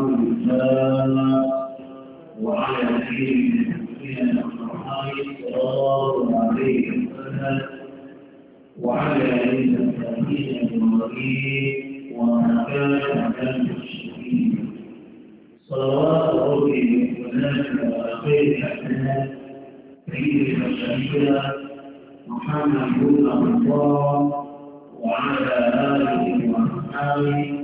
الإسلام وعلى دين من الصحابة صلى الله عليه وسلم وعلى آله التابعين المريض ومن كان من المشركين صلوات ربي وسلامه على خير الأحسان سيد المشايخ محمد بن عبد الله وعلى آله وأصحابه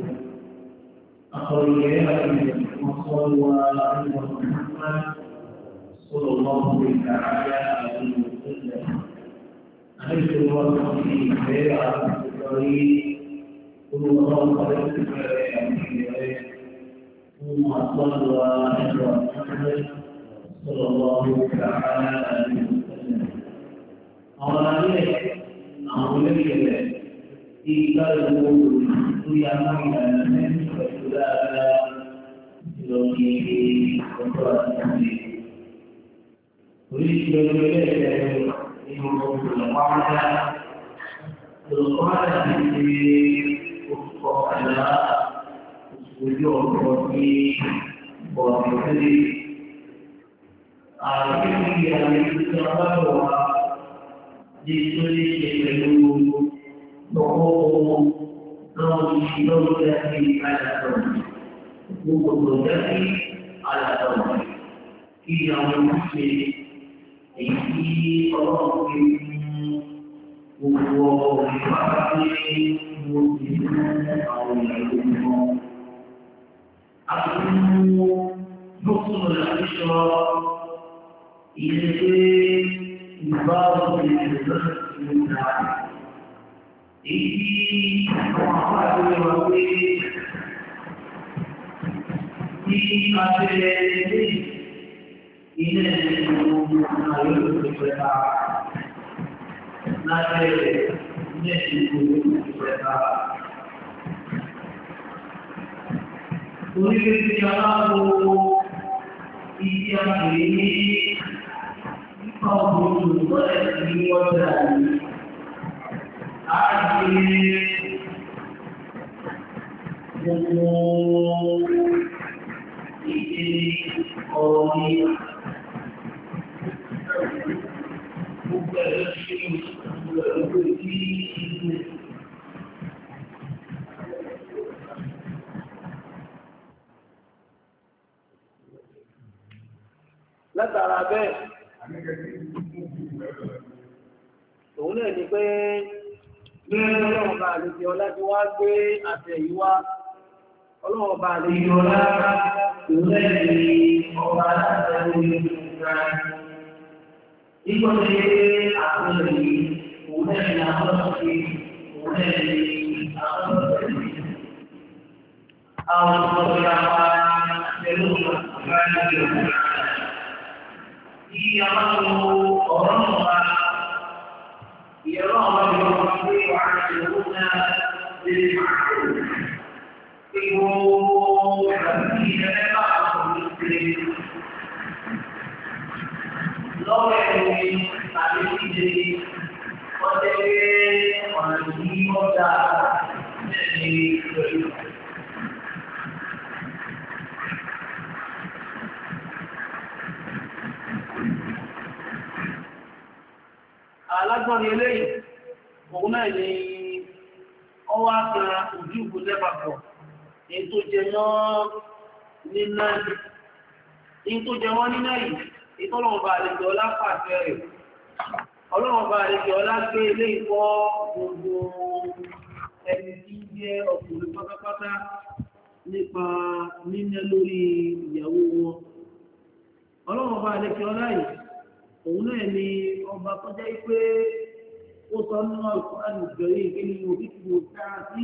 أخرج إليها وصلى على محمد صلى الله تعالى عليه وسلم أنزل الله في خير الطريق قل الله خلقت ثم صلى على محمد صلى الله تعالى عليه وسلم أولئك أولئك إيقاظ الأمور قيام إلى الناس وإلى إلهي وقرآن ويشهد إليه إنه القاعدة القاعدة التي أخطأ لها وجوه ربي وبحدي أعلمني أن يتقبلها لكل شيء وقوم نوم زوجتي على زوجي حقوق زوجتي على زوجي في يوم المسلم èyí ọlọ́run fi mú gbogbo ìpàdé mo ti mú àwọn èyí àwọn àpáàdé wà pé ní abẹ́rẹ́ ilé ilé ìwọ̀n àwọn olùpẹ̀ta lábẹ́ ilé ìwọ̀n olùpẹ̀ta. Oríṣiríṣi aláwọ̀ iṣẹ́ àgbèrè ní ọgbọ̀n olùpẹ̀ta ní ọjà yìí ààrẹ látara bẹ́ẹ̀ òun náà ni pé Bẹ́ẹ̀ ọlọ́run bá lè jẹ ọlá tí wá gbé àtẹ̀ yìí wá. Ọlọ́run bá lè jẹ ọlá ìrẹ́ ni ọba láti ẹni ìgbà. Ìgbọ́n ṣe àpẹẹrẹ yìí, òun náà ni àwọn ọ̀sẹ̀, òun náà ni àwọn ọ̀sẹ̀. Àwọn ọ̀sẹ̀ àwọn àtẹ̀lú ọ̀sẹ̀ bá ń jẹ ọ̀sẹ̀. Ìyàwó ọ̀rọ̀ wa كرام المرحب وعاشرون بالمعروف إنه حبيب بعض المسلمين لو يكون عليه وتجد ونجيب ذلك lágbọ́n eléyìí òun náà ni ọwọ́ àkàrà ojú ìbò lẹ́bàpọ̀ èyí tó jẹ mọ́ nínú èyí tó jẹ mọ́ nínú yìí ìtọ́lọ́mọba àlejò ọlá pàṣẹ rẹ̀ ọlọ́mọba àlejò ọlá gbé eléyìí kọ́ gbogbo ẹni tí jẹ́ ọkùnrin pátápátá nípa níná lórí ìyàwó wọn ọlọ́mọba àlejò ọlá yìí òun náà ni ọba tọ́jà yìí pé ó sọ nínú Al-Qur'an ìgbé ni mo kíkì mo dáa sí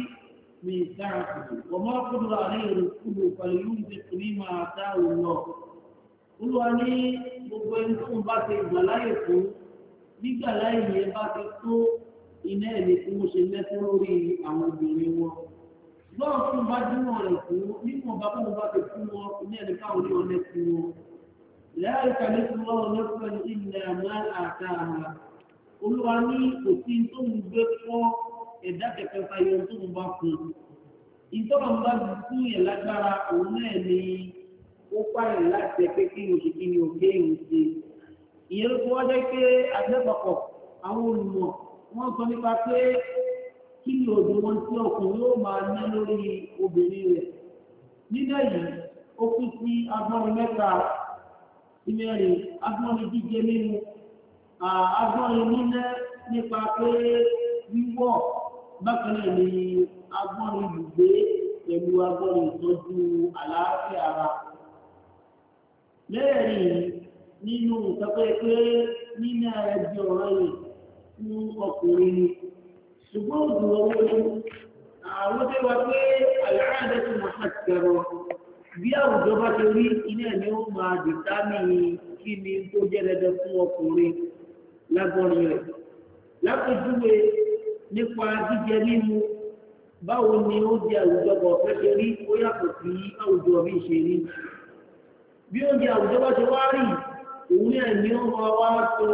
mi dáa sí ọmọ kúndùrà ní ìrìnkúndù pẹ̀lú yóò ti tún ní máa dá òun lọ. olúwa ní gbogbo ẹni tó ń bá ti gbà láyè fún nígbà láyè yẹn bá ti tó iná ẹ̀ ní kí mo ṣe lẹ́sẹ̀ lórí àwọn obìnrin wọn. lọ́ọ̀ bá dúró rẹ̀ fún nígbà bá tó bá ti fún wọn iná ẹ̀ káwọn ní ọ̀lẹ́ لا يكلف الله نفسا إلا ما آتاها olúwa ní kò sí tó ń gbé fọ́ ẹ̀dá kẹfẹ́ sayọ tó ń bá fún ìtọ́nà bá ti fún yẹn lágbára òun náà ni ó pààyàn láti ẹgbẹ́ kí n ṣe kí ni òkè ń ṣe ìyẹn tó wá jẹ́ pé agbẹ́pọ̀pọ̀ àwọn olùmọ̀ wọ́n sọ nípa pé kí ni òdò wọn tí ọkùnrin yóò máa ní lórí obìnrin rẹ̀ nílẹ̀ yìí ó kú sí agbọ́n mẹ́ta ìmẹ́rin agbọ́nni jíjẹ nínú agbọ́nni nílẹ̀ nípa pé wíwọ̀ bákan náà ni agbọ́nni lùgbé pẹ̀lú agbọ́nni ìtọ́jú àlàáfíà ara lẹ́ẹ̀rin nínú ìtọ́pẹ́ pé nínú ẹgbẹ́ ọ̀rọ̀ yìí fún ọkùnrin ni ṣùgbọ́n òdùn owó àwọn tẹ́wàá pé àlàáfíà tó bí àwùjọ bá ṣe rí iná ni ó máa dìtámì kí ni tó jẹ́ fún ọkùnrin lágbọ́nrin rẹ̀ lápèjúwe nípa jíjẹ mímu báwo ni ó di àwùjọ bọ̀ fẹ́ ṣe rí ó yàtọ̀ sí àwùjọ mi ṣe rí bí àwùjọ bá ṣe wá rí òun ni ó máa wá sọ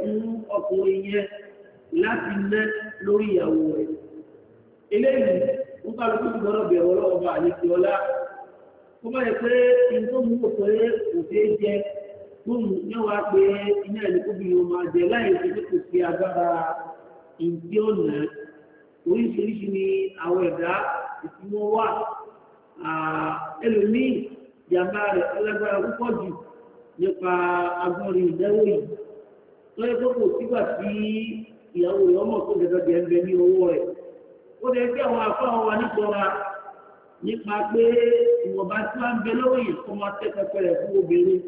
fún ọkùnrin láti ná lórí ìyàwó rẹ̀ ń bá lóko tó lọ́rọ̀ bẹ̀rẹ̀ ọlọ́run bá àlejò ọlá ó bá yẹ pé nǹkan mú wò pé òfé jẹ lóhùn ní wàá pé iná ẹ̀ lóko bí wọn máa jẹ láì ṣe pé kò sí agbára ìdí ọ̀nà oríṣiríṣi ni àwọn ẹ̀dá ìfimọ́ wà ẹlòmíì jàmbá rẹ̀ ọlọ́gbára púpọ̀ jù nípa agbọ́nrí ìdánwò yìí lọ́yẹ́ tó kò sígbà tí ìyàwó rẹ̀ tó gẹ̀dọ̀ jẹ́ ń bẹ ní owó rẹ̀ ó lè gbé àwọn afọ àwọn wa nígbọra nípa pé ìwọ̀nba tí wọ́n ń bẹ lọ́wọ́ yìí kọ́ máa tẹ́ pẹpẹ rẹ̀ fún obìnrin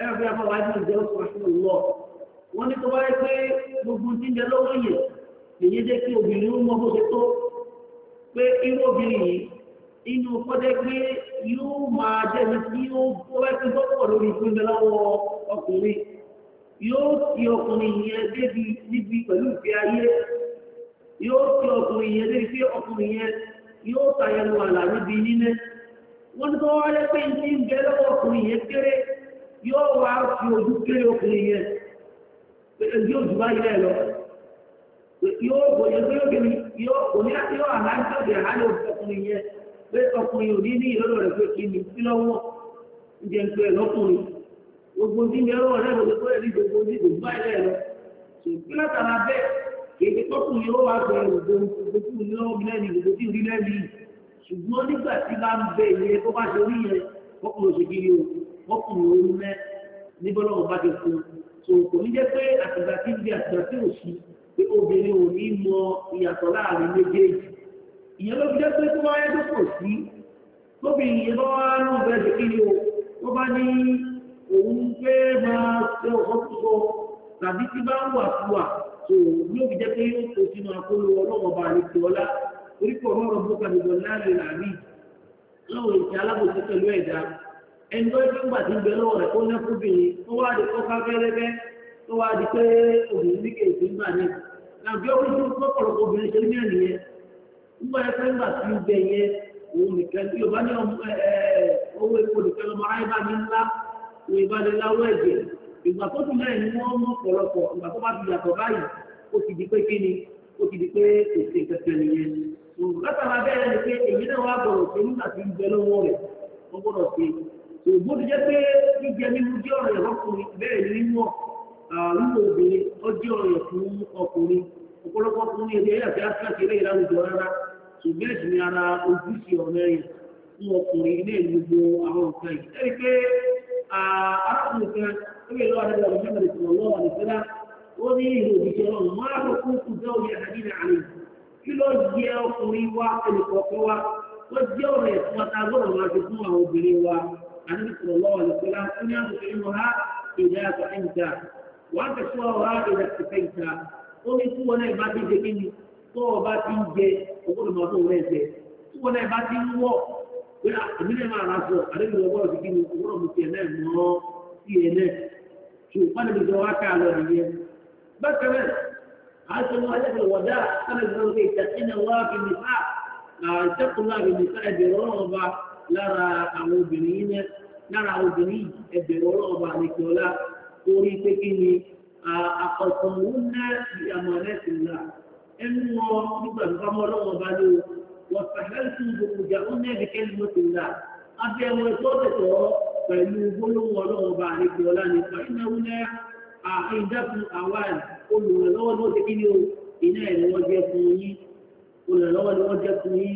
ẹ̀rọ bí wọ́n wá ní ìjọ oṣù àfihàn lọ wọ́n ní tó wáyé pé gbogbo tí ń bẹ lọ́wọ́ yìí èyí jẹ́ kí obìnrin ó mọ bó ṣe tó pé irú obìnrin yìí inú kọ́jẹ́ pé yóò máa jẹ́bi tí yóò wáyé pé gbọ́pọ̀ lórí ìpínlẹ̀ lọ́wọ́ ọkùnrin yóò fi ọkùnrin yẹn débi níbi pẹ̀lú ìgbé ayé yóò fi ọkùnrin yẹn lè fi ọkùnrin yẹn yóò tàyẹnu àlà níbi nílé wọ́n tó wáyé pé ní ìgbẹ́ lọ́wọ́ ọkùnrin yẹn kéré yóò wá fi ojú kéré ọkùnrin yẹn èyí òjò bá yẹ lọ yóò gbòye pé yóò gbèmí yóò òní àti yóò àlá ní ọ̀dẹ̀ àlá òfin ọkùnrin yẹn pé ọkùnrin ò ní ní ìlọ́dọ̀ rẹ̀ pé kí ni sí lọ́wọ́ ǹjẹ́ ń pẹ́ lọ́kùnrin gbogbo ní ìlọ́wọ́ lọ́wọ́ rẹ̀ ní èyí tó kù yóò wá gbẹ ògbógbó tí òní lọ́wọ́ mi lẹ́nu ògbógbó tí òní lẹ́nu yìí ṣùgbọ́n nígbà tí bá ń bẹ ìyẹn tó bá ṣe orí yẹn wọ́kùnrin òṣèkiri o wọ́kùnrin òní mẹ́ níbọ́lọ́ ọba ti fún so kò ní jẹ́ pé àtìgbà tí ń bí àtìgbà tí ò sí pé obìnrin ò ní mọ ìyàtọ̀ láàrin méjèèjì ìyẹn ló fi jẹ́ pé tó bá yẹ tó kò sí tóbi ìyẹn tó bá ní òun pé tí tó yóò fi jẹ́ pé yóò tó sínú akóló ọlọ́wọ́ bá ní ti ọlá oríkọ̀ ọ̀rọ̀ bókà ní bọ̀lá lọ́wọ́ alábòsí pẹ̀lú ẹ̀dá ẹni tó ń gbà tí ń bẹ lọ́wọ́ rẹ̀ kó ní fúnbìnrin tó wá di kó ká fẹ́rẹ́fẹ́ tó wá di pé obìnrin ní kéèké ńgbà ní làbí ọkùnrin tó kọ́kọ̀rọ̀ obìnrin ṣe ní fẹ́ ńgbà òun nìkan ìgbà tó tún bẹ́ẹ̀ ni wọ́n mú ọ̀pọ̀lọpọ̀ ìgbà tó bá ti yàtọ̀ báyìí ó ti di pé kí ni ó ti di pé èsì kẹ̀kẹ́ nìyẹn. látara bẹ́ẹ̀ ni pé èyí náà wá gbọ́dọ̀ pé nígbà tí ń bẹ lọ́wọ́ rẹ̀ wọ́n gbọ́dọ̀ pé ògbóni jẹ́ pé jíjẹ nínú jẹ́ ọ̀rọ̀ ẹ̀rọ ọkùnrin bẹ́ẹ̀ ni nínú àrùn obìnrin ó jẹ́ ọ̀rọ̀ ẹ̀ fún ọkùnrin ọ̀pọ̀lọpọ̀ ọkùnrin ẹ̀dẹ̀ ẹ̀yà tí a ti àkèrè ìlànà rárá ilé arákùnrin kan ó lè lọ́wọ́ àdébẹ̀rẹ̀ ọ̀gbọ́n mẹ́rin tó lọ́wọ́ àdébẹ̀rẹ̀ ó ní ìlú òdìjẹ́ ọ̀run wọn á kókó kú dáwọ́ yẹn àdínà àlè kí ló jẹ́ ọkùnrin wa olùkọ́kọ́ wa ó jẹ́ ọ̀rọ̀ ẹ̀fún ọ̀tá gbọ́dọ̀ pé ah, èmi náà máa ra sọ àdébí ọgbọ́n òsì kí ni ọgbọ́n mi tiẹ̀ náà mọ́ sí ẹ náà tí o pàdé mi sọ wá ká lọ nìyẹn. bákan náà àti wọn ajẹ́ pẹ̀lú wọ̀dá sábẹ̀ fún ọgbẹ́ ìtàkínà wá fi mi fà àìsẹ́kùn láàbì mi fà ẹ̀bẹ̀rẹ̀ ọlọ́ọ̀ba lára àwọn obìnrin yìí náà lára obìnrin ẹ̀bẹ̀rẹ̀ ọlọ́ọ̀ba àlekèọlá orí pé kí ni àkọ̀tún òun náà واستحللتم بمجرد بكلمة الله أبي وصدته pẹ̀lú gbólóhùn ọlọ́run ọba àlejò ọlá nípa ìnáwó náà àìdákun àwọn olùrànlọ́wọ́ ló ti kí ni o iná ẹ̀ ni wọ́n jẹ́ fún yín olùrànlọ́wọ́ ni wọ́n jẹ́ fún yín.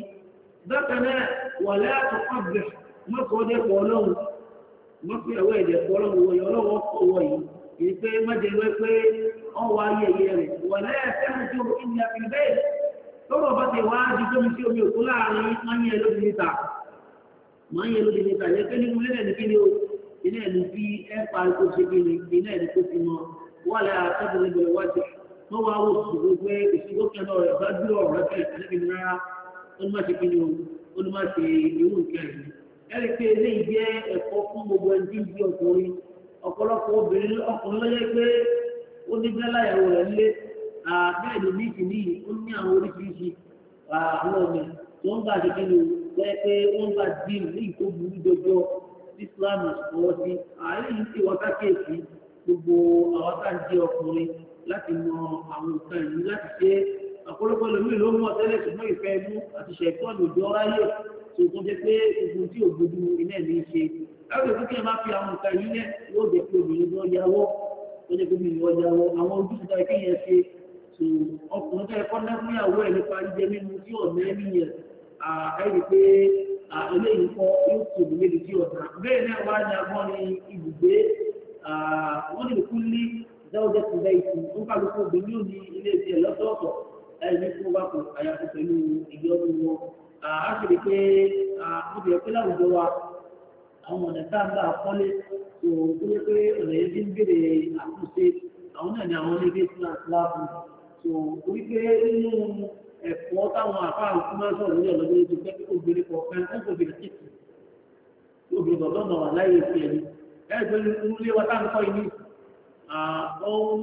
bákan náà wà láàtọ̀ ọ̀bẹ̀ mọ́kàndẹ́kọ̀ ọlọ́run mọ́kàndẹ́kọ̀ ẹ̀dẹ̀kọ̀ ọlọ́run wọ̀nyí ọlọ́run ọkọ̀ wọ̀nyí èyí pé májèlé pé ọwọ́ ayẹyẹ rẹ̀ wà láàtọ̀ ti wá di tómi tí omi òkú láàrin wọ́n ní ẹlòdì níta wọ́n ní ẹlòdì níta yẹ pé nínú ilé ẹ̀dí kíni o iná ẹ̀dí fi ẹ̀ pa ikú ṣe ni iná ẹ̀dí tó fi mọ wọ́n lẹ́ àtẹ́tẹ́ níbi ẹ̀wá jẹ wọ́n wá wò sùgbó pé ìṣubú kẹ́lọ́ rẹ̀ bá dúró ọ̀rọ̀ rẹ̀ ẹ̀dẹ́gbẹ̀ni rárá olùmọ̀ṣe kíni o olùmọ̀ṣe irú nǹkan yìí ẹ̀rí pé eléyìí jẹ́ ẹ̀kọ́ fún gbogbo ẹni tí ń bí ọkùnrin ọ̀pọ̀lọpọ̀ obìnrin ọkùnrin lọ́yẹ́ pé ó ní bẹ́lá ìyàwó rẹ̀ lé ni ní ìkìní ó ní àwọn oríṣiríṣi àárọ̀ mi tó ń bá àdékè lò wẹ́ pé ó ń bá dín ní ìkó burú jọjọ Islam ọwọ́ sí àárín yìí ti wọ́n kákèsí gbogbo àwọn tá à ń jẹ́ ọkùnrin láti mọ àwọn nǹkan yìí láti ṣe ọ̀pọ̀lọpọ̀ lómi ló mọ̀ tẹ́lẹ̀ ṣùgbọ́n ìfẹ́ inú àti ṣẹ̀tọ́nù ìjọ ráyè ṣùgbọ́n jẹ́ pé ogun tí ò gbójú iná ẹ̀ ní í ṣe. láti òkú kí ẹ máa fi àwọn nǹkan yìí lẹ̀ yóò jẹ́ pé obìnrin lọ yàwó ó jẹ́ pé obìnrin lọ yàwó àwọn ojúṣe tó yẹ kọ́ ná fún ìyàwó ẹ̀ nípa jíjẹ mímu tí ọ̀nà ẹ̀mí yẹn ẹ̀rí pé eléyìí kọ́ yóò tó ìlú méjì tí ọ̀nà bẹ́ẹ̀ náà wá ní agbọ́n ní ibùgbé wọ́n ní kú ní dáwọ́dẹ́ tó dá ìtù ó bá lóko obìnrin ò ní ilé iṣẹ́ lọ́tọ̀ọ̀tọ̀ ẹ̀rí ní fún wa kò àyàfi pẹ̀lú ìyọ́nú wọn So, wípé nínú ẹ̀kọ́ táwọn àfáàrùn fún máa ń sọ̀rọ̀ lórí ọ̀lọ́dún tó pẹ́ obìnrin kọ̀ọ̀kan tó kò bèrè títì obìnrin kọ̀ọ̀kan náà wà láyé ìfẹ́ ni ẹgbẹ́ ilé wa táwọn kọ́ ìní ọ̀hún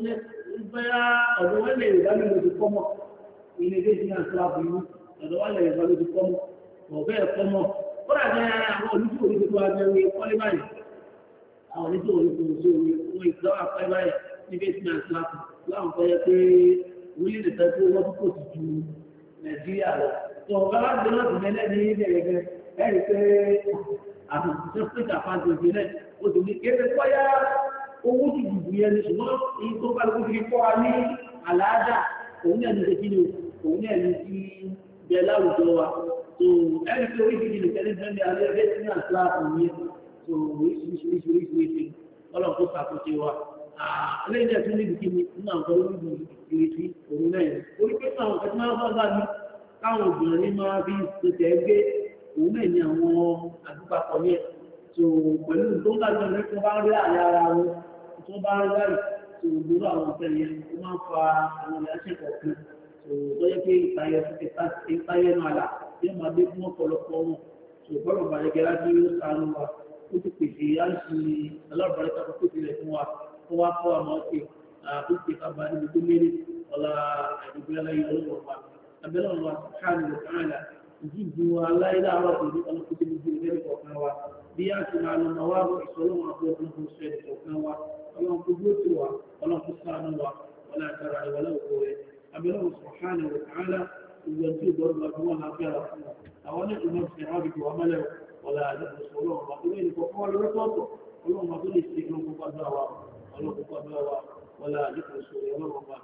bẹ́ẹ̀ ọ̀dọ̀ wọn lè rà lórí ojú kọ́mọ ilé ilé ìdíyàn tó wà fún ọ̀dọ̀ wọn lè rà lórí kọ́mọ ọ̀bẹ́ ẹ̀kọ́mọ kọ́dà jẹ́ àwọn oníṣòwò ní gbogbo abẹ́wé kọ́lé báyìí àwọn orílẹ̀-èdè tó tó wọ́n kò ti ju nàìjíríà lọ tó ọ̀gá bá gbé lọ́dún mẹ́lẹ́ ní ilẹ̀ ẹ̀rẹ́ ẹ̀rí pé àwọn òṣìṣẹ́ pé jàpáǹdì òbí náà ó sì ní kéré kọ́yá owó ti dùdù yẹn ni ṣùgbọ́n èyí tó bá lóko fi kọ́ wa ní àlàájá òun ni òun náà ní ti bẹ láwùjọ wa tó ẹ̀rí pé ni alẹ́ bẹ́ẹ̀ ní àṣà òun yẹn tó oríṣiríṣi oríṣiríṣi ọlọ́run tó ṣàkóso wa lẹ́yìn náà tún níbi kíni nínú àwọn olóògùn ìrètí òun náà yẹn orí pé àwọn kan tí máa bá bá mi káwọn obìnrin ní máa bí tètè gbé òun náà ní àwọn àdúgbàpọ̀ yẹn tó pẹ̀lú tó ń gbàgbọ́ ní tó bá ń rí àyà ara wọn tó bá ń rí àyè tó gbóró àwọn ọ̀sẹ̀ yẹn tó máa ń fa àwọn ìyáṣẹ́ kọ̀ọ̀kan tó lọ́yẹ́ pé ìtayẹ ìtayẹ náà là yóò máa dé fún ọ̀pọ̀lọpọ̀ wọn tó gbọ́dọ̀ bàjẹ́ kowa kowa ma wace a kuke kaba da mutum ne wala a dubu yana yi wani wata abin Allah subhanahu wa ta'ala jiji wa Allah ila wa ta duka na kuke mu jiri gari kokawa biya su na nan mawa ko isolon wa ko kuma kusa da kokawa wala ku gotuwa wala ku sanuwa wala tara wala ko abin Allah subhanahu wa ta'ala yanzu gwamnati kuma na fiya a wani umar sai rabi ko amala wala da isolon ba ko ne ko kowa da wato Ọlọ́run ma tó lè ṣe ìgbọ́n gbogbo àdúrà wa. ولقبها ولا ذكر السوء والربا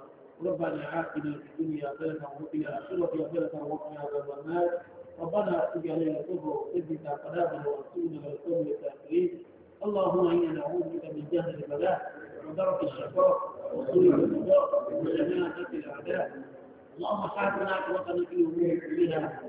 ربنا آتنا في الدنيا حسنة وفي الآخرة حسنة وقنا عذاب النار ربنا اتق علينا الكفر وثبت أقدامنا وانصرنا على القوم الكافرين اللهم إنا نعوذ بك من جهل البلاء ودرك الشقاء وسوء القضاء وشماتة الأعداء اللهم حافظنا عقبتنا في الأمور كلها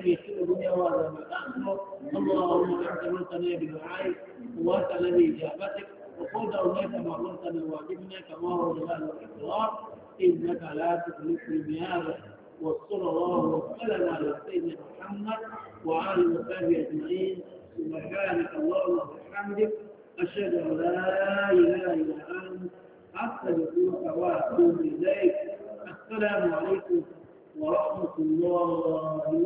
في بخير الدنيا وعذاب الآخرة اللهم أنت من بدعائك وأنت الذي إجابتك وخذ كما مرتنا واجبنا كما هو جلال الإقرار إنك لا تخلف المياه وصلى الله وسلم على سيدنا محمد وعلى وصحبه أجمعين سبحانك اللهم وبحمدك أشهد أن لا إله إلا أنت أستغفرك وأتوب إليك السلام عليكم ورحمة الله وبركاته